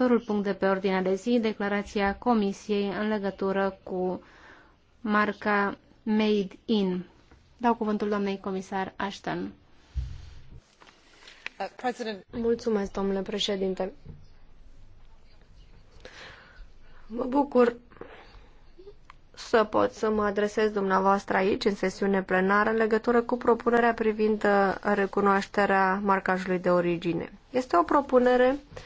următorul punct de pe ordinea de zi, declarația Comisiei în legătură cu marca Made In. Dau cuvântul doamnei comisar Ashton. Mulțumesc, domnule președinte. Mă bucur să pot să mă adresez dumneavoastră aici, în sesiune plenară, în legătură cu propunerea privind uh, recunoașterea marcajului de origine. Este o propunere uh,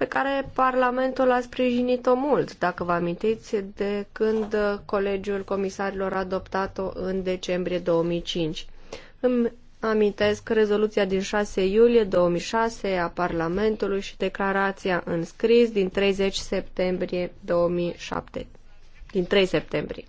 pe care Parlamentul a sprijinit-o mult, dacă vă amintiți, de când Colegiul Comisarilor a adoptat-o în decembrie 2005. Îmi amintesc rezoluția din 6 iulie 2006 a Parlamentului și declarația în scris din 30 septembrie 2007. Din 3 septembrie.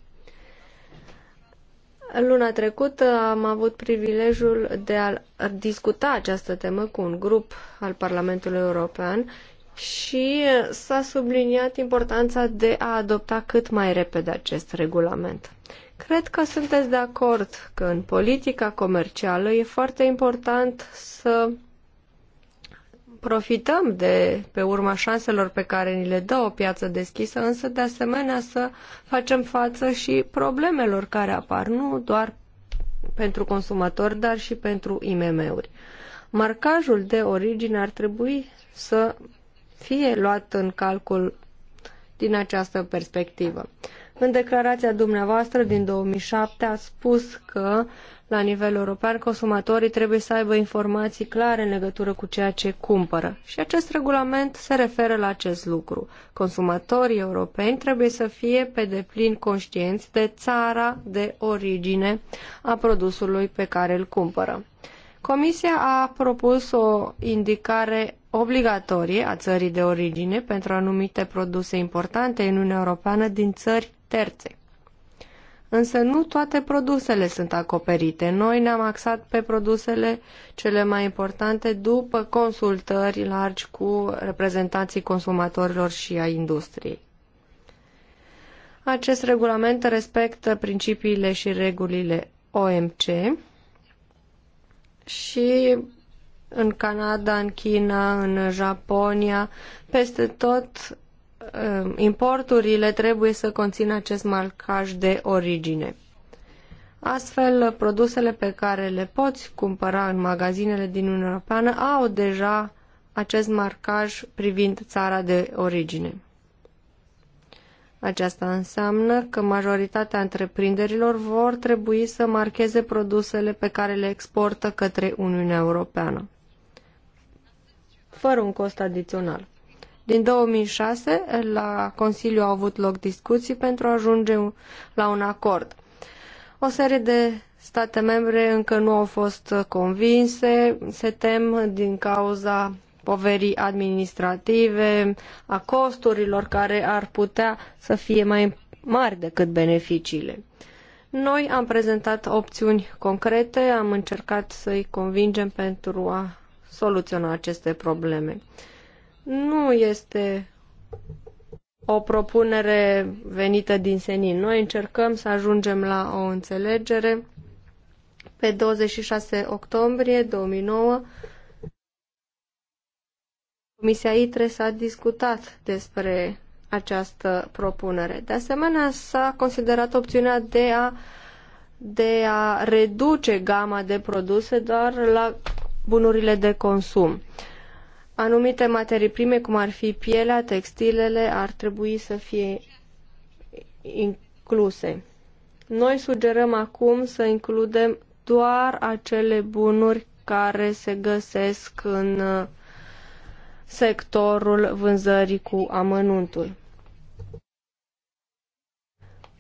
Luna trecută am avut privilegiul de a discuta această temă cu un grup al Parlamentului European și s-a subliniat importanța de a adopta cât mai repede acest regulament. Cred că sunteți de acord că în politica comercială e foarte important să profităm de pe urma șanselor pe care ni le dă o piață deschisă, însă de asemenea să facem față și problemelor care apar, nu doar pentru consumatori, dar și pentru IMM-uri. Marcajul de origine ar trebui să fie luat în calcul din această perspectivă. În declarația dumneavoastră din 2007 a spus că la nivel european consumatorii trebuie să aibă informații clare în legătură cu ceea ce cumpără și acest regulament se referă la acest lucru. Consumatorii europeni trebuie să fie pe deplin conștienți de țara de origine a produsului pe care îl cumpără. Comisia a propus o indicare obligatorie a țării de origine pentru anumite produse importante în Uniunea Europeană din țări terțe. Însă nu toate produsele sunt acoperite. Noi ne-am axat pe produsele cele mai importante după consultări largi cu reprezentanții consumatorilor și a industriei. Acest regulament respectă principiile și regulile OMC și în Canada, în China, în Japonia, peste tot um, importurile trebuie să conțină acest marcaj de origine. Astfel, produsele pe care le poți cumpăra în magazinele din Uniunea Europeană au deja acest marcaj privind țara de origine. Aceasta înseamnă că majoritatea întreprinderilor vor trebui să marcheze produsele pe care le exportă către Uniunea Europeană fără un cost adițional. Din 2006, la Consiliu au avut loc discuții pentru a ajunge la un acord. O serie de state membre încă nu au fost convinse, se tem din cauza poverii administrative, a costurilor care ar putea să fie mai mari decât beneficiile. Noi am prezentat opțiuni concrete, am încercat să-i convingem pentru a soluționa aceste probleme. Nu este o propunere venită din senin. Noi încercăm să ajungem la o înțelegere pe 26 octombrie 2009 Comisia ITRE s-a discutat despre această propunere. De asemenea, s-a considerat opțiunea de a, de a reduce gama de produse doar la bunurile de consum. Anumite materii prime, cum ar fi pielea, textilele, ar trebui să fie incluse. Noi sugerăm acum să includem doar acele bunuri care se găsesc în uh, sectorul vânzării cu amănuntul.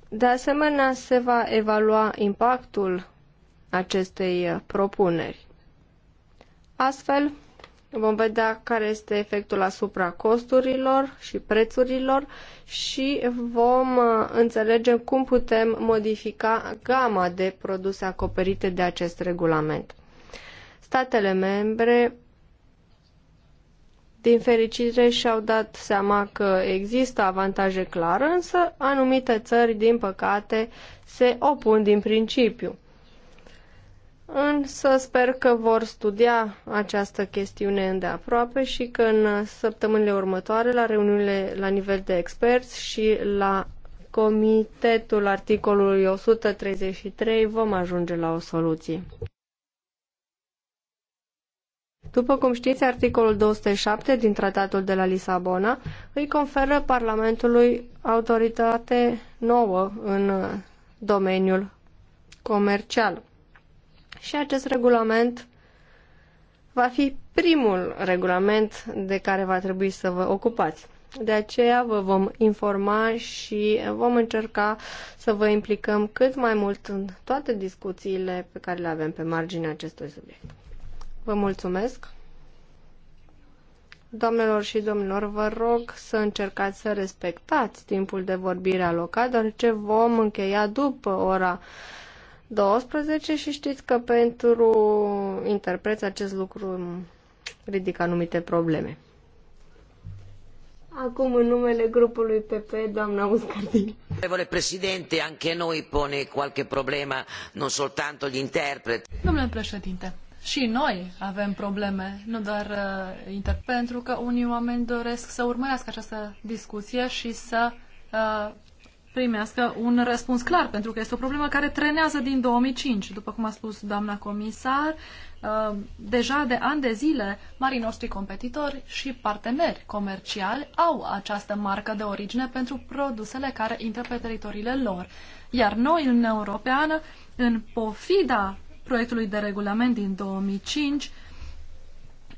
De asemenea, se va evalua impactul acestei uh, propuneri. Astfel, vom vedea care este efectul asupra costurilor și prețurilor și vom uh, înțelege cum putem modifica gama de produse acoperite de acest regulament. Statele membre din fericire și-au dat seama că există avantaje clare, însă anumite țări, din păcate, se opun din principiu însă sper că vor studia această chestiune îndeaproape și că în săptămânile următoare, la reuniunile la nivel de experți și la comitetul articolului 133, vom ajunge la o soluție. După cum știți, articolul 207 din Tratatul de la Lisabona îi conferă Parlamentului autoritate nouă în domeniul comercial și acest regulament va fi primul regulament de care va trebui să vă ocupați. De aceea vă vom informa și vom încerca să vă implicăm cât mai mult în toate discuțiile pe care le avem pe marginea acestui subiect. Vă mulțumesc! Doamnelor și domnilor, vă rog să încercați să respectați timpul de vorbire alocat, deoarece vom încheia după ora 12 și știți că pentru interpreți acest lucru ridică anumite probleme. Acum, în numele grupului PP, doamna Muscardini. Onorevole președinte, anche noi pone qualche problema, non soltanto gli interpreti. Domnule președinte, și noi avem probleme, nu doar uh, interpret, pentru că unii oameni doresc să urmărească această discuție și să uh, primească un răspuns clar, pentru că este o problemă care trenează din 2005. După cum a spus doamna comisar, uh, deja de ani de zile, marii noștri competitori și parteneri comerciali au această marcă de origine pentru produsele care intră pe teritoriile lor. Iar noi, în Europeană, în pofida proiectului de regulament din 2005,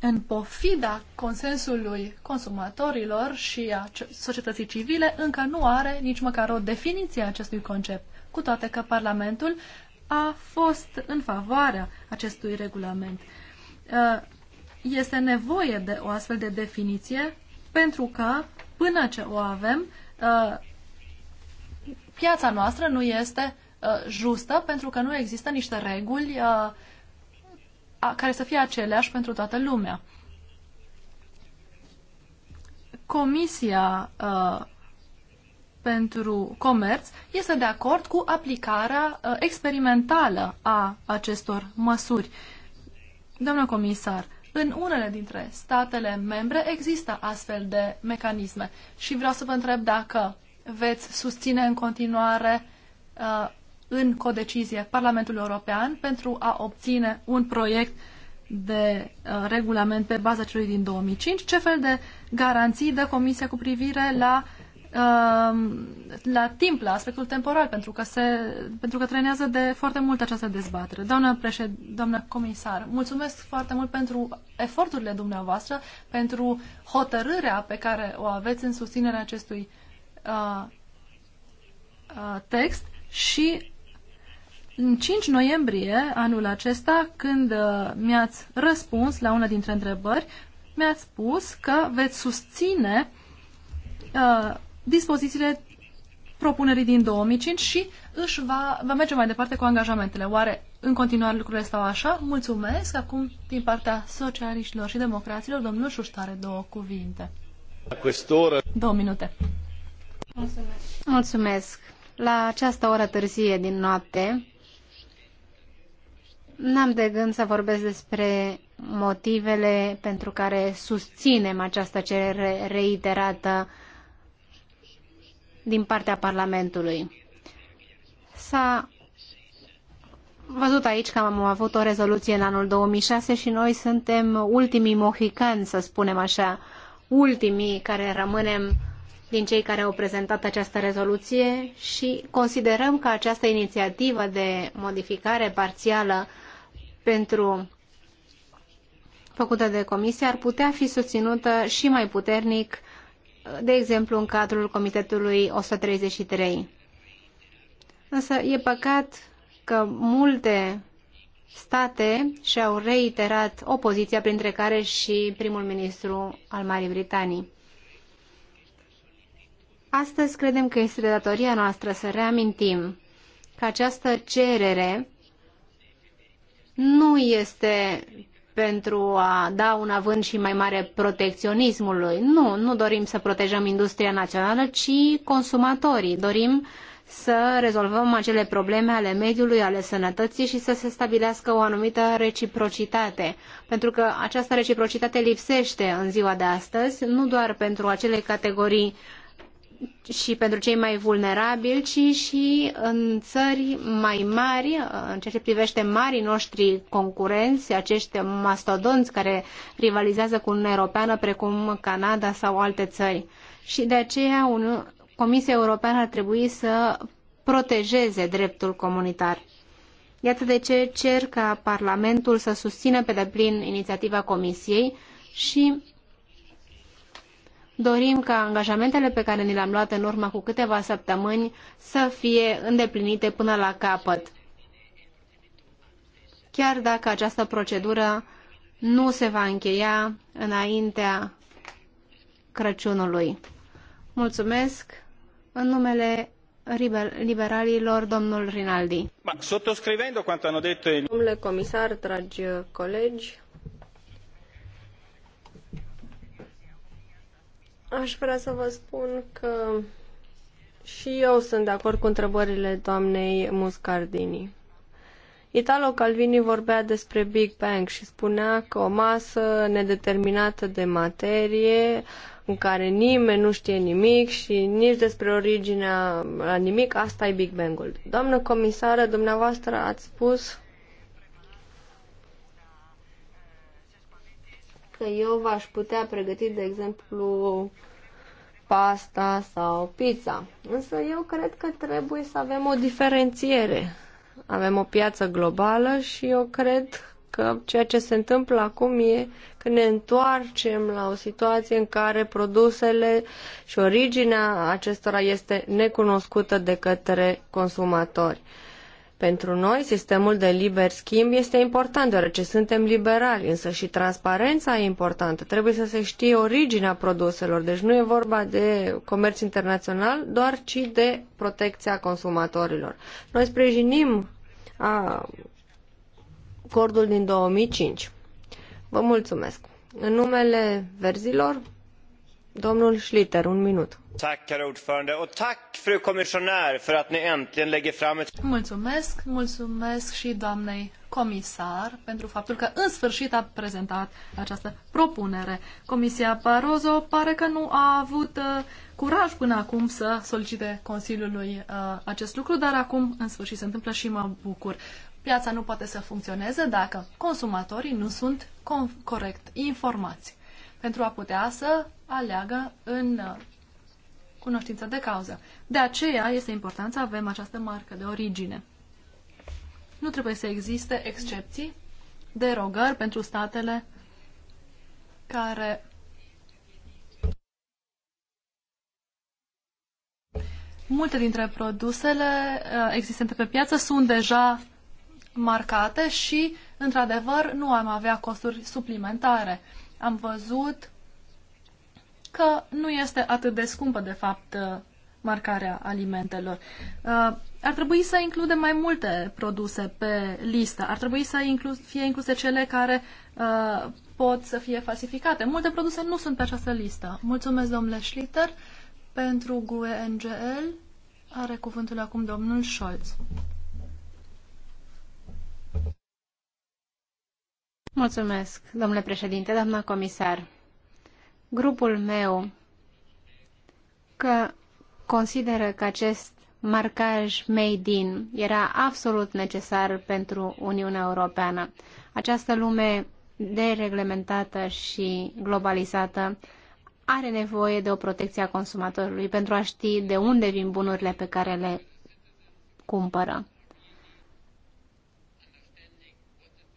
în pofida consensului consumatorilor și a societății civile, încă nu are nici măcar o definiție a acestui concept, cu toate că Parlamentul a fost în favoarea acestui regulament. Uh, este nevoie de o astfel de definiție pentru că, până ce o avem, uh, piața noastră nu este uh, justă pentru că nu există niște reguli uh, care să fie aceleași pentru toată lumea. Comisia uh, pentru Comerț este de acord cu aplicarea uh, experimentală a acestor măsuri. Doamna comisar, în unele dintre statele membre există astfel de mecanisme și vreau să vă întreb dacă veți susține în continuare uh, în codecizie Parlamentul European pentru a obține un proiect de uh, regulament pe baza celui din 2005. Ce fel de garanții dă Comisia cu privire la uh, la timp, la aspectul temporal, pentru că, se, pentru că trenează de foarte mult această dezbatere. Doamnă, președ, doamnă comisar, mulțumesc foarte mult pentru eforturile dumneavoastră, pentru hotărârea pe care o aveți în susținerea acestui uh, uh text și în 5 noiembrie anul acesta, când uh, mi-ați răspuns la una dintre întrebări, mi-ați spus că veți susține uh, dispozițiile propunerii din 2005 și își va, va merge mai departe cu angajamentele. Oare în continuare lucrurile stau așa? Mulțumesc. Acum, din partea socialiștilor și democraților, domnul Șuștare, două cuvinte. oră. Două minute. Mulțumesc. Mulțumesc. La această oră târzie din noapte, N-am de gând să vorbesc despre motivele pentru care susținem această cerere reiterată din partea Parlamentului. S-a văzut aici că am avut o rezoluție în anul 2006 și noi suntem ultimii mohicani, să spunem așa, ultimii care rămânem din cei care au prezentat această rezoluție și considerăm că această inițiativă de modificare parțială pentru făcută de comisie ar putea fi susținută și mai puternic, de exemplu în cadrul Comitetului 133. Însă e păcat că multe state și-au reiterat opoziția, printre care și primul ministru al Marii Britanii. Astăzi credem că este de datoria noastră să reamintim că această cerere nu este pentru a da un avânt și mai mare protecționismului. Nu, nu dorim să protejăm industria națională, ci consumatorii. Dorim să rezolvăm acele probleme ale mediului, ale sănătății și să se stabilească o anumită reciprocitate. Pentru că această reciprocitate lipsește în ziua de astăzi, nu doar pentru acele categorii și pentru cei mai vulnerabili, ci și în țări mai mari, în ceea ce privește marii noștri concurenți, acești mastodonți care rivalizează cu Uniunea Europeană, precum Canada sau alte țări. Și de aceea Comisia Europeană ar trebui să protejeze dreptul comunitar. Iată de ce cer ca Parlamentul să susțină pe deplin inițiativa Comisiei și dorim ca angajamentele pe care ni le-am luat în urmă cu câteva săptămâni să fie îndeplinite până la capăt. Chiar dacă această procedură nu se va încheia înaintea Crăciunului. Mulțumesc în numele liber liberalilor, domnul Rinaldi. Domnule comisar, dragi colegi, Aș vrea să vă spun că și eu sunt de acord cu întrebările doamnei Muscardini. Italo Calvini vorbea despre Big Bang și spunea că o masă nedeterminată de materie în care nimeni nu știe nimic și nici despre originea la nimic, asta e Big Bang-ul. Doamnă comisară, dumneavoastră ați spus că eu v-aș putea pregăti, de exemplu, pasta sau pizza. Însă eu cred că trebuie să avem o diferențiere. Avem o piață globală și eu cred că ceea ce se întâmplă acum e că ne întoarcem la o situație în care produsele și originea acestora este necunoscută de către consumatori. Pentru noi, sistemul de liber schimb este important, deoarece suntem liberali, însă și transparența e importantă. Trebuie să se știe originea produselor, deci nu e vorba de comerț internațional, doar ci de protecția consumatorilor. Noi sprijinim a, acordul din 2005. Vă mulțumesc. În numele verzilor, Mulțumesc, mulțumesc și doamnei comisar pentru faptul că în sfârșit a prezentat această propunere. Comisia Barroso pare că nu a avut uh, curaj până acum să solicite Consiliului uh, acest lucru, dar acum în sfârșit se întâmplă și mă bucur. Piața nu poate să funcționeze dacă consumatorii nu sunt corect informați pentru a putea să aleagă în cunoștință de cauză. De aceea este important să avem această marcă de origine. Nu trebuie să existe excepții, derogări pentru statele care Multe dintre produsele uh, existente pe piață sunt deja marcate și, într-adevăr, nu am avea costuri suplimentare am văzut că nu este atât de scumpă, de fapt, uh, marcarea alimentelor. Uh, ar trebui să includem mai multe produse pe listă. Ar trebui să fie incluse cele care uh, pot să fie falsificate. Multe produse nu sunt pe această listă. Mulțumesc, domnule Schlitter, pentru GUE NGL. Are cuvântul acum domnul Scholz. Mulțumesc, domnule președinte, doamna comisar. Grupul meu că consideră că acest marcaj made in era absolut necesar pentru Uniunea Europeană. Această lume dereglementată și globalizată are nevoie de o protecție a consumatorului pentru a ști de unde vin bunurile pe care le cumpără.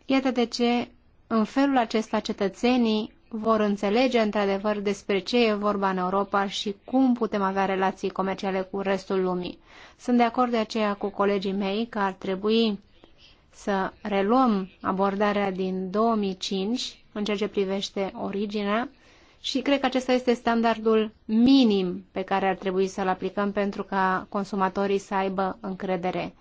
Iată de ce în felul acesta cetățenii vor înțelege într-adevăr despre ce e vorba în Europa și cum putem avea relații comerciale cu restul lumii. Sunt de acord de aceea cu colegii mei că ar trebui să reluăm abordarea din 2005 în ceea ce privește originea și cred că acesta este standardul minim pe care ar trebui să-l aplicăm pentru ca consumatorii să aibă încredere.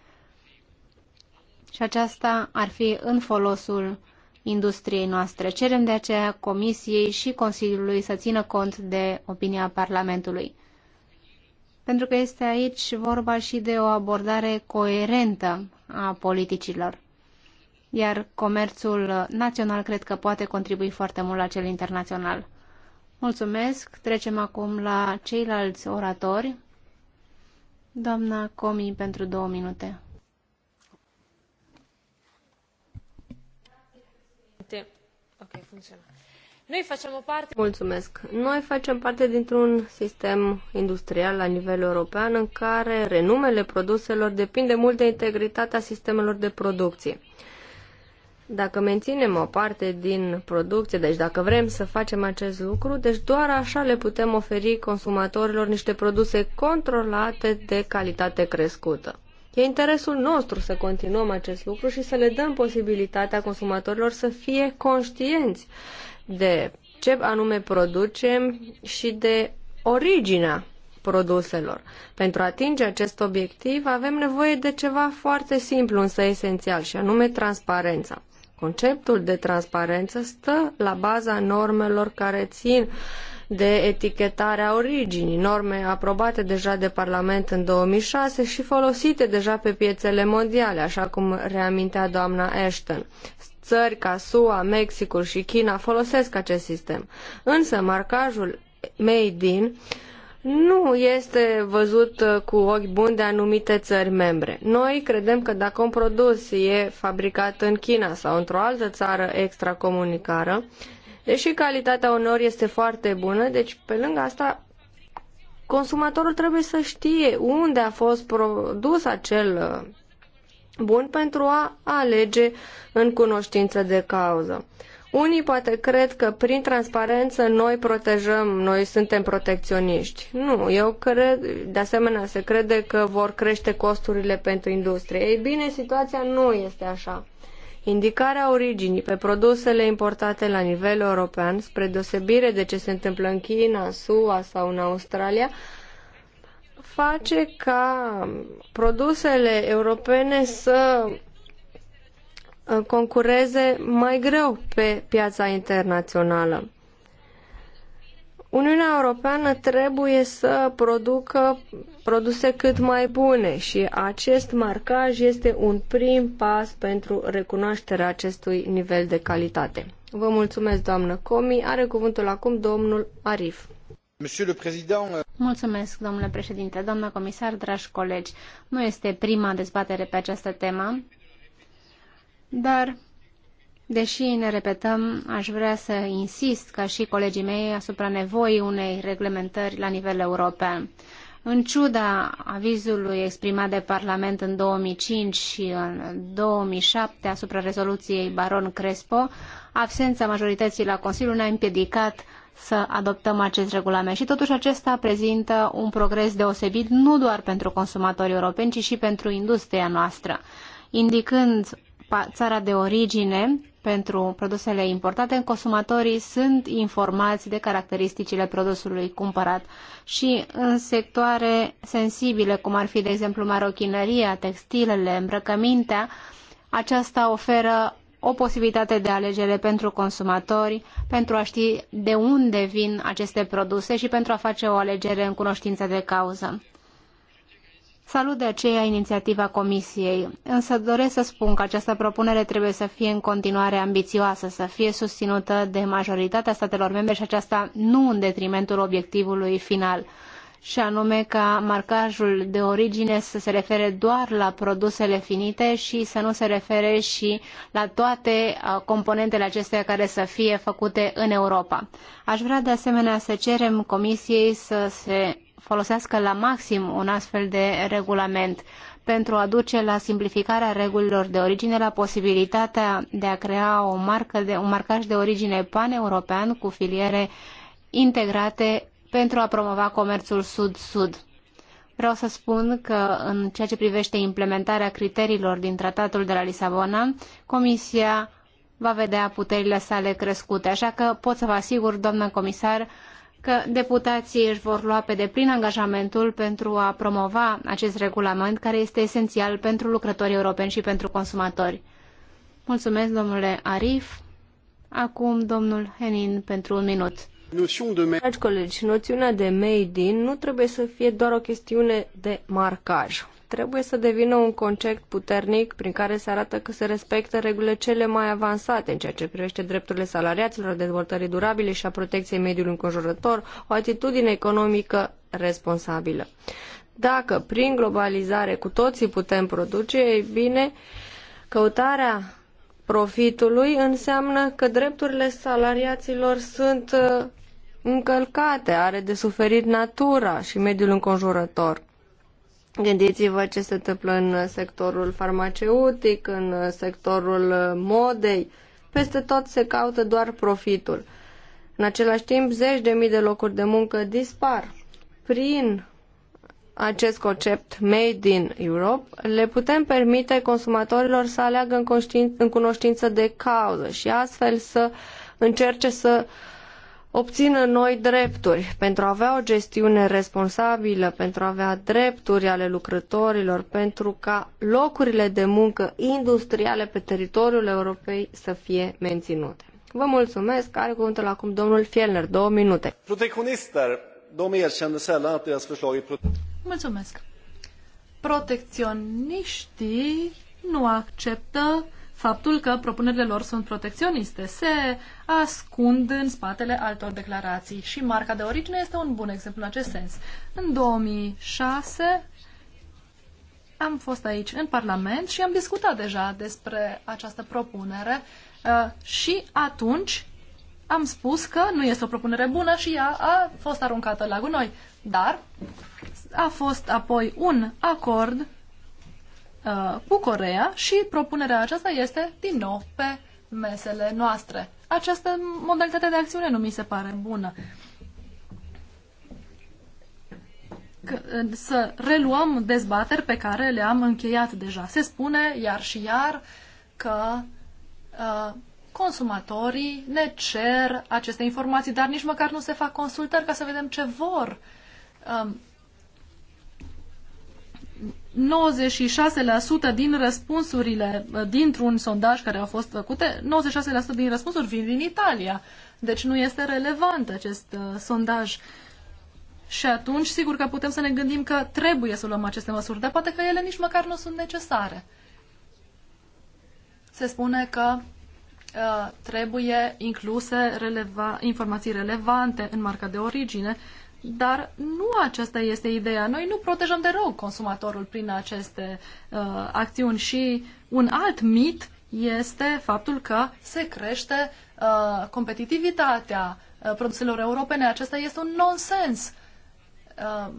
Și aceasta ar fi în folosul industriei noastre. Cerem de aceea Comisiei și Consiliului să țină cont de opinia Parlamentului. Pentru că este aici vorba și de o abordare coerentă a politicilor. Iar comerțul național cred că poate contribui foarte mult la cel internațional. Mulțumesc. Trecem acum la ceilalți oratori. Doamna Comi pentru două minute. Noi facem parte... Mulțumesc. Noi facem parte dintr-un sistem industrial la nivel european în care renumele produselor depinde mult de integritatea sistemelor de producție. Dacă menținem o parte din producție, deci dacă vrem să facem acest lucru, deci doar așa le putem oferi consumatorilor niște produse controlate de calitate crescută. E interesul nostru să continuăm acest lucru și să le dăm posibilitatea consumatorilor să fie conștienți de ce anume producem și de originea produselor. Pentru a atinge acest obiectiv avem nevoie de ceva foarte simplu, însă esențial, și anume transparența. Conceptul de transparență stă la baza normelor care țin uh, de etichetare a originii, norme aprobate deja de Parlament în 2006 și folosite deja pe piețele mondiale, așa cum reamintea doamna Ashton. Țări ca SUA, Mexicul și China folosesc acest sistem. Însă marcajul Made in nu este văzut cu ochi buni de anumite țări membre. Noi credem că dacă un produs e fabricat în China sau într-o altă țară extracomunicară, Deși calitatea unor este foarte bună, deci pe lângă asta consumatorul trebuie să știe unde a fost produs acel uh, bun pentru a alege în cunoștință de cauză. Unii poate cred că prin transparență noi protejăm, noi suntem protecționiști. Nu, eu cred, de asemenea, se crede că vor crește costurile pentru industrie. Ei bine, situația nu este așa. Indicarea originii pe produsele importate la nivel european, spre deosebire de ce se întâmplă în China, SUA sau în Australia, face ca produsele europene să uh, concureze mai greu pe piața internațională. Uniunea Europeană trebuie să producă produse cât mai bune și acest marcaj este un prim pas pentru recunoașterea acestui nivel de calitate. Vă mulțumesc, doamnă Comi. Are cuvântul acum domnul Arif. Euh, mulțumesc, domnule președinte, doamnă comisar, dragi colegi. Nu este prima dezbatere pe această temă, dar Deși ne repetăm, aș vrea să insist, ca și colegii mei, asupra nevoii unei reglementări la nivel european. În ciuda avizului exprimat de Parlament în 2005 și în 2007 asupra rezoluției Baron Crespo, absența majorității la Consiliu ne-a împiedicat să adoptăm acest regulament. Și totuși acesta prezintă un progres deosebit nu doar pentru consumatorii europeni, ci și pentru industria noastră, indicând țara de origine pentru produsele importate, consumatorii sunt informați de caracteristicile produsului cumpărat și în sectoare sensibile, cum ar fi, de exemplu, marochinăria, textilele, îmbrăcămintea, aceasta oferă o posibilitate de alegere pentru consumatori, pentru a ști de unde vin aceste produse și pentru a face o alegere în cunoștință de cauză. Salut de aceea inițiativa Comisiei, însă doresc să spun că această propunere trebuie să fie în continuare ambițioasă, să fie susținută de majoritatea statelor membre și aceasta nu în detrimentul obiectivului final și anume ca marcajul de origine să se refere doar la produsele finite și să nu se refere și la toate componentele acesteia care să fie făcute în Europa. Aș vrea de asemenea să cerem Comisiei să se folosească la maxim un astfel de regulament pentru a duce la simplificarea regulilor de origine, la posibilitatea de a crea o marcă de, un marcaj de origine paneuropean cu filiere integrate pentru a promova comerțul sud-sud. Vreau să spun că în ceea ce privește implementarea criteriilor din tratatul de la Lisabona, Comisia va vedea puterile sale crescute. Așa că pot să vă asigur, doamnă comisar, că deputații își vor lua pe deplin angajamentul pentru a promova acest regulament care este esențial pentru lucrătorii europeni și pentru consumatori. Mulțumesc, domnule Arif. Acum, domnul Henin, pentru un minut. Dragi colegi, noțiunea de made in nu trebuie să fie doar o chestiune de marcaj trebuie să devină un concept puternic prin care se arată că se respectă regulile cele mai avansate în ceea ce privește drepturile salariaților, dezvoltării durabile și a protecției mediului înconjurător, o atitudine economică responsabilă. Dacă prin globalizare cu toții putem produce, e bine, căutarea profitului înseamnă că drepturile salariaților sunt uh, încălcate, are de suferit natura și mediul înconjurător. Gândiți-vă ce se întâmplă în sectorul farmaceutic, în sectorul modei. Peste tot se caută doar profitul. În același timp, zeci de mii de locuri de muncă dispar. Prin acest concept Made in Europe, le putem permite consumatorilor să aleagă în, în cunoștință de cauză și astfel să încerce să uh, obțină noi drepturi, pentru a avea o gestiune responsabilă, pentru a avea drepturi ale lucrătorilor, pentru ca locurile de muncă industriale pe teritoriul europei să fie menținute. Vă mulțumesc. Are cuvântul acum domnul Fielner. Două minute. Protectionister, de erkänner sällan att deras Mulțumesc. Protecționiștii nu acceptă faptul că propunerile lor sunt protecționiste. Se ascund în spatele altor declarații și marca de origine este un bun exemplu în acest sens. În 2006 am fost aici în Parlament și am discutat deja despre această propunere uh, și atunci am spus că nu este o propunere bună și ea a fost aruncată la gunoi. Dar a fost apoi un acord Uh, cu Corea și propunerea aceasta este din nou pe mesele noastre. Această modalitate de acțiune nu mi se pare bună. C uh, să reluăm dezbateri pe care le-am încheiat deja. Se spune iar și iar că uh, consumatorii ne cer aceste informații, dar nici măcar nu se fac consultări ca să vedem ce vor. Um, 96% din răspunsurile uh, dintr-un sondaj care a fost făcute, 96% din răspunsuri vin din Italia. Deci nu este relevant acest uh, sondaj. Și atunci, sigur că putem să ne gândim că trebuie să luăm aceste măsuri, dar poate că ele nici măcar nu sunt necesare. Se spune că uh, trebuie incluse releva- informații relevante în marca de origine, dar nu aceasta este ideea. Noi nu protejăm deloc consumatorul prin aceste uh, acțiuni și un alt mit este faptul că se crește uh, competitivitatea uh, produselor europene. Acesta este un nonsens. Uh,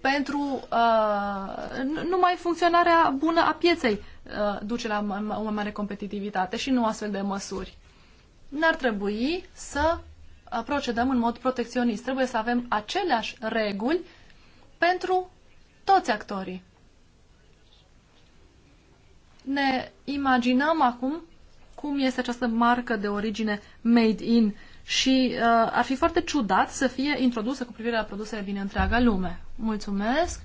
pentru uh, numai funcționarea bună a pieței uh, duce la o mai mare competitivitate și nu astfel de măsuri. N-ar trebui să procedăm în mod protecționist. Trebuie să avem aceleași reguli pentru toți actorii. Ne imaginăm acum cum este această marcă de origine made in și uh, ar fi foarte ciudat să fie introdusă cu privire la produsele din întreaga lume. Mulțumesc!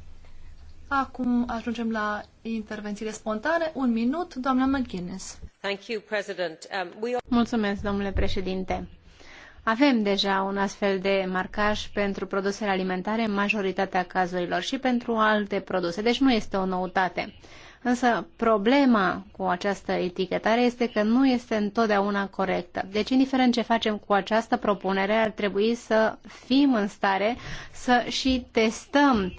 Acum ajungem la intervențiile spontane. Un minut, doamna McGuinness. Um, Mulțumesc, domnule președinte avem deja un astfel de marcaj pentru produsele alimentare în majoritatea cazurilor și pentru alte produse, deci nu este o noutate. Însă problema cu această etichetare este că nu este întotdeauna corectă. Deci, indiferent ce facem cu această propunere, ar trebui să fim în stare să și testăm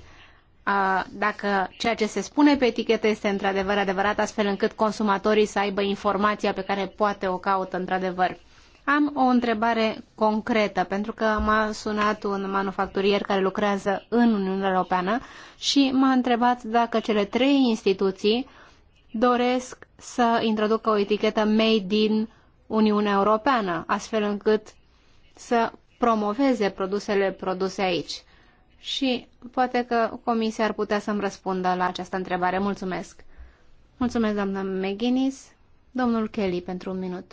dacă ceea ce se spune pe etichetă este într-adevăr adevărat, astfel încât consumatorii să aibă informația pe care poate o caută într-adevăr. Am o întrebare concretă, pentru că m-a sunat un manufacturier care lucrează în Uniunea Europeană și m-a întrebat dacă cele trei instituții doresc să introducă o etichetă made in Uniunea Europeană, astfel încât să promoveze produsele produse aici. Și poate că Comisia ar putea să-mi răspundă la această întrebare. Mulțumesc. Mulțumesc, doamna McGuinness. Domnul Kelly, pentru un minut.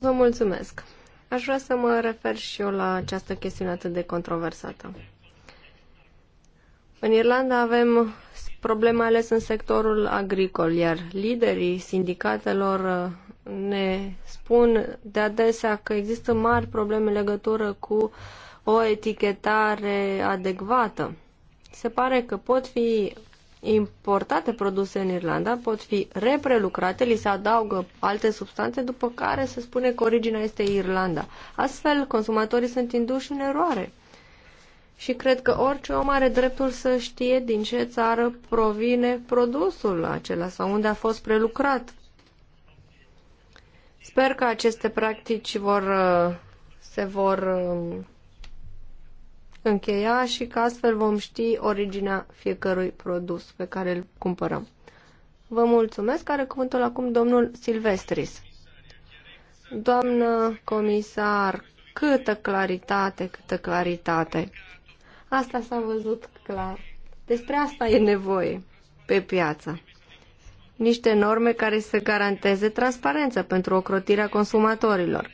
Vă mulțumesc. Aș vrea să mă refer și eu la această chestiune atât de controversată. În Irlanda avem probleme ales în sectorul agricol, iar liderii sindicatelor uh, ne spun de adesea că există mari probleme în legătură cu o etichetare adecvată. Se pare că pot fi importate produse în Irlanda pot fi reprelucrate, li se adaugă alte substanțe, după care se spune că originea este Irlanda. Astfel, consumatorii sunt induși în eroare. Și cred că orice om are dreptul să știe din ce țară provine produsul acela sau unde a fost prelucrat. Sper că aceste practici vor, uh, se vor uh, încheia și că astfel vom ști originea fiecărui produs pe care îl cumpărăm. Vă mulțumesc. Are cuvântul acum domnul Silvestris. Doamnă comisar, câtă claritate, câtă claritate. Asta s-a văzut clar. Despre asta e nevoie pe piață. Niște norme care să garanteze transparență pentru ocrotirea consumatorilor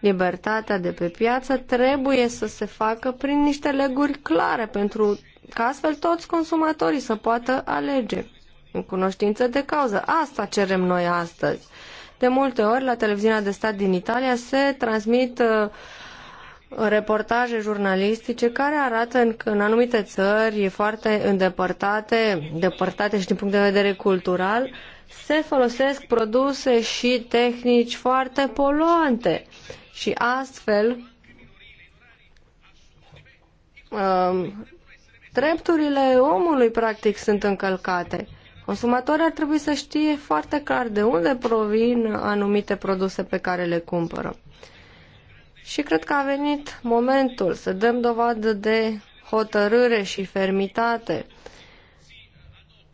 libertatea de pe piață trebuie să se facă prin niște leguri clare pentru ca astfel toți consumatorii să poată alege în cunoștință de cauză. Asta cerem noi astăzi. De multe ori la televiziunea de stat din Italia se transmit uh, reportaje jurnalistice care arată că în anumite țări foarte îndepărtate, depărtate și din punct de vedere cultural, se folosesc produse și tehnici foarte poluante și astfel um, drepturile omului practic sunt încălcate. Consumatorii ar trebui să știe foarte clar de unde provin anumite produse pe care le cumpără. Și cred că a venit momentul să dăm dovadă de hotărâre și fermitate,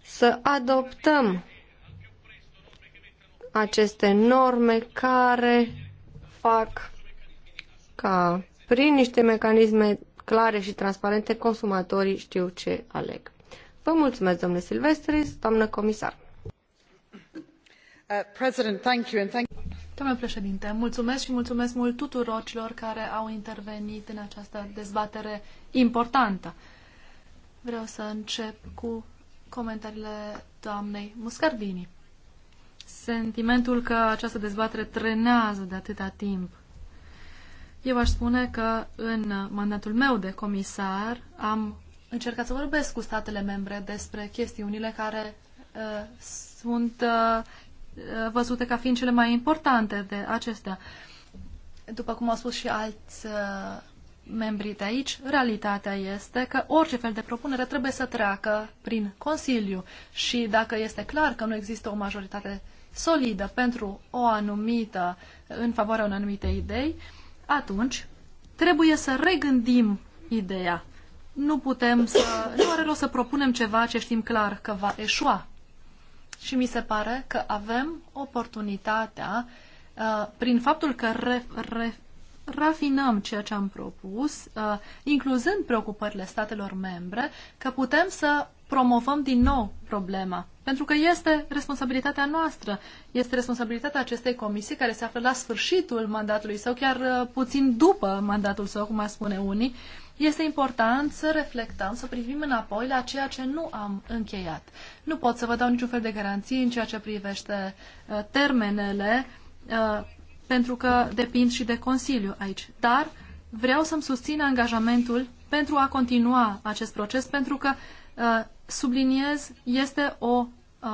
să adoptăm aceste norme care fac ca prin niște mecanisme clare și transparente consumatorii știu ce aleg. Vă mulțumesc, domnule Silvestris, doamnă comisar. Uh, domnule președinte, mulțumesc și mulțumesc mult tuturor celor care au intervenit în această dezbatere importantă. Vreau să încep cu comentariile doamnei Muscardini. Sentimentul că această dezbatere trenează de atâta timp eu aș spune că în mandatul meu de comisar am încercat să vorbesc cu statele membre despre chestiunile care uh, sunt uh, văzute ca fiind cele mai importante de acestea. După cum au spus și alți uh, membri de aici, realitatea este că orice fel de propunere trebuie să treacă prin Consiliu și dacă este clar că nu există o majoritate solidă pentru o anumită, în favoarea unei anumite idei, uh, atunci trebuie să regândim ideea. Nu putem să... Nu are rost să propunem ceva ce știm clar că va eșua. Și mi se pare că avem oportunitatea, uh, prin faptul că re, re, rafinăm ceea ce am propus, uh, incluzând preocupările statelor membre, că putem să promovăm din nou problema. Pentru că este responsabilitatea noastră, este responsabilitatea acestei comisii care se află la sfârșitul mandatului sau chiar uh, puțin după mandatul său, cum a spune unii, este important să reflectăm, să privim înapoi la ceea ce nu am încheiat. Nu pot să vă dau niciun fel de garanții în ceea ce privește uh, termenele, uh, pentru că depind și de Consiliu aici. Dar vreau să-mi susțin angajamentul pentru a continua acest proces, pentru că subliniez, este o uh,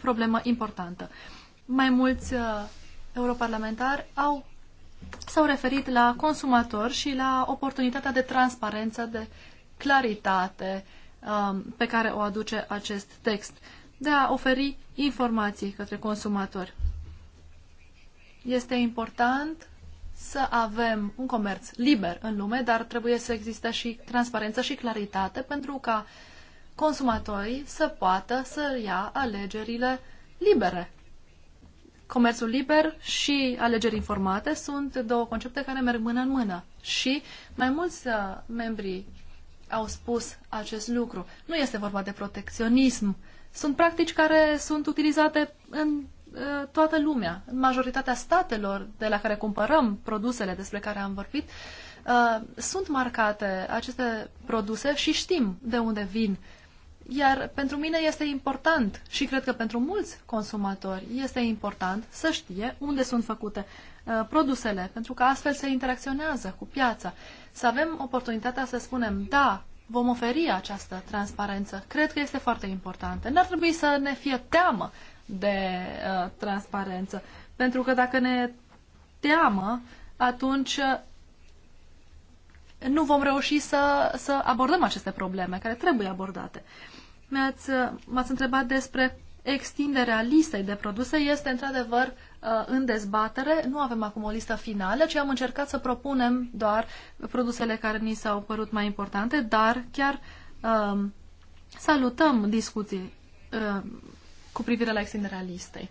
problemă importantă. Mai mulți uh, europarlamentari au s-au referit la consumator și la oportunitatea de transparență, de claritate um, pe care o aduce acest text, de a oferi informații către consumatori. Este important să avem un comerț liber în lume, dar trebuie să existe și transparență și claritate pentru ca uh, consumatorii să poată să ia alegerile libere. Comerțul liber și alegeri informate sunt două concepte care merg mână în mână și mai mulți uh, membri au spus acest lucru. Nu este vorba de protecționism. Sunt practici care sunt utilizate în uh, toată lumea, în majoritatea statelor de la care cumpărăm produsele despre care am vorbit, uh, sunt marcate aceste produse și știm de unde vin. Iar pentru mine este important și cred că pentru mulți consumatori este important să știe unde sunt făcute uh, produsele, pentru că astfel se interacționează cu piața. Să avem oportunitatea să spunem, da, vom oferi această transparență. Cred că este foarte importantă. N-ar trebui să ne fie teamă de uh, transparență, pentru că dacă ne teamă, atunci uh, nu vom reuși să, să abordăm aceste probleme care trebuie abordate. m ați uh, m-ați întrebat despre extinderea listei de produse. Este într-adevăr uh, în dezbatere. Nu avem acum o listă finală, ci am încercat să propunem doar produsele care ni s-au părut mai importante, dar chiar um, salutăm discuții um, cu privire la extinderea listei.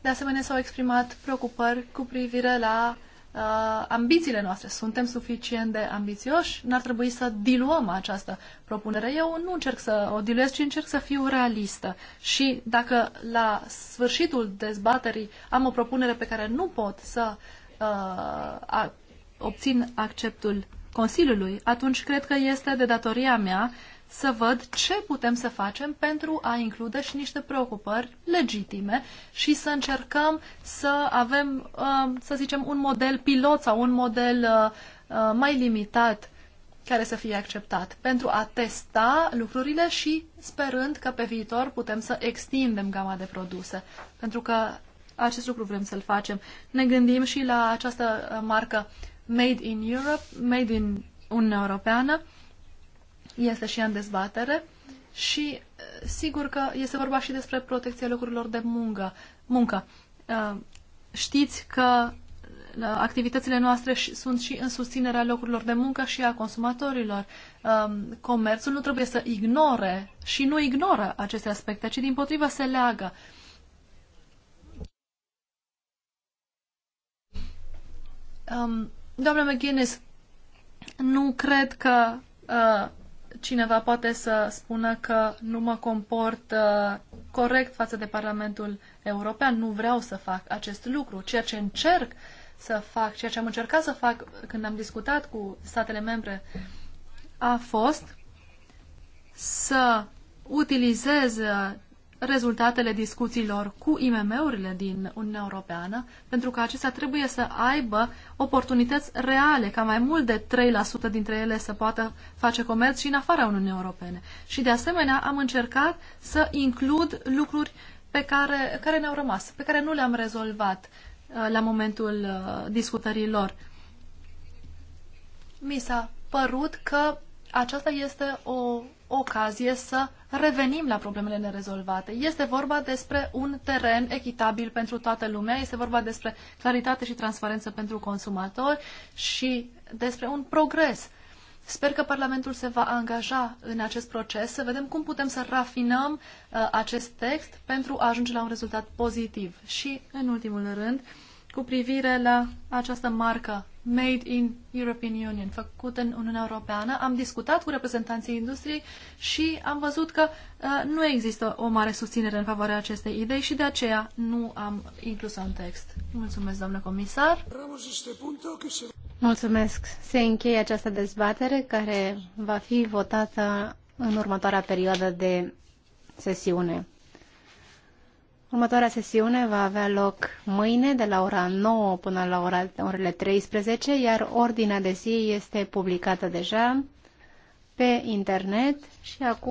De asemenea, s-au exprimat preocupări cu privire la uh, uh, ambițiile noastre. Suntem suficient de ambițioși? N-ar trebui să diluăm această propunere. Eu nu încerc să o diluez, ci încerc să fiu realistă. Și dacă la sfârșitul dezbaterii am o propunere pe care nu pot să uh, a, obțin acceptul Consiliului, atunci cred că este de datoria mea să văd ce putem să facem pentru a include și niște preocupări legitime și să încercăm să avem, uh, să zicem, un model pilot sau un model uh, uh, mai limitat care să fie acceptat pentru a testa lucrurile și sperând că pe viitor putem să extindem gama de produse. Pentru că acest lucru vrem să-l facem. Ne gândim și la această marcă Made in Europe, Made in Uniunea Europeană, este și în dezbatere și eh, sigur că este vorba și despre protecția locurilor de muncă. muncă. Eh, știți că eh, activitățile noastre sunt și în susținerea locurilor de muncă și a consumatorilor. Comerțul nu trebuie să ignore și nu ignoră aceste aspecte, ci din potrivă se leagă. Doamna McGuinness, nu cred că cineva poate să spună că nu mă comport uh, corect față de Parlamentul European, nu vreau să fac acest lucru. Ceea ce încerc să fac, ceea ce am încercat să fac când am discutat cu statele membre a fost să utilizez uh, rezultatele discuțiilor cu IMM-urile din Uniunea Europeană, pentru că acestea trebuie să aibă oportunități reale, ca mai mult de 3% dintre ele să poată face comerț și în afara Uniunii Europene. Și de asemenea am încercat să includ lucruri pe care, care ne-au rămas, pe care nu le-am rezolvat uh, la momentul uh, discutărilor. Mi s-a părut că aceasta este o ocazie să revenim la problemele nerezolvate. Este vorba despre un teren echitabil pentru toată lumea, este vorba despre claritate și transparență pentru consumatori și despre un progres. Sper că Parlamentul se va angaja în acest proces, să vedem cum putem să rafinăm uh, acest text pentru a ajunge la un rezultat pozitiv. Și, în ultimul rând, cu privire la această marcă Made in European Union, făcut în Uniunea Europeană. Am discutat cu reprezentanții industriei și am văzut că uh, nu există o mare susținere în favoarea acestei idei și de aceea nu am inclus-o în text. Mulțumesc, doamnă comisar. Mulțumesc. Se încheie această dezbatere care va fi votată în următoarea perioadă de sesiune. Următoarea sesiune va avea loc mâine de la ora 9 până la ora, orele 13, iar ordinea de zi este publicată deja pe internet și acum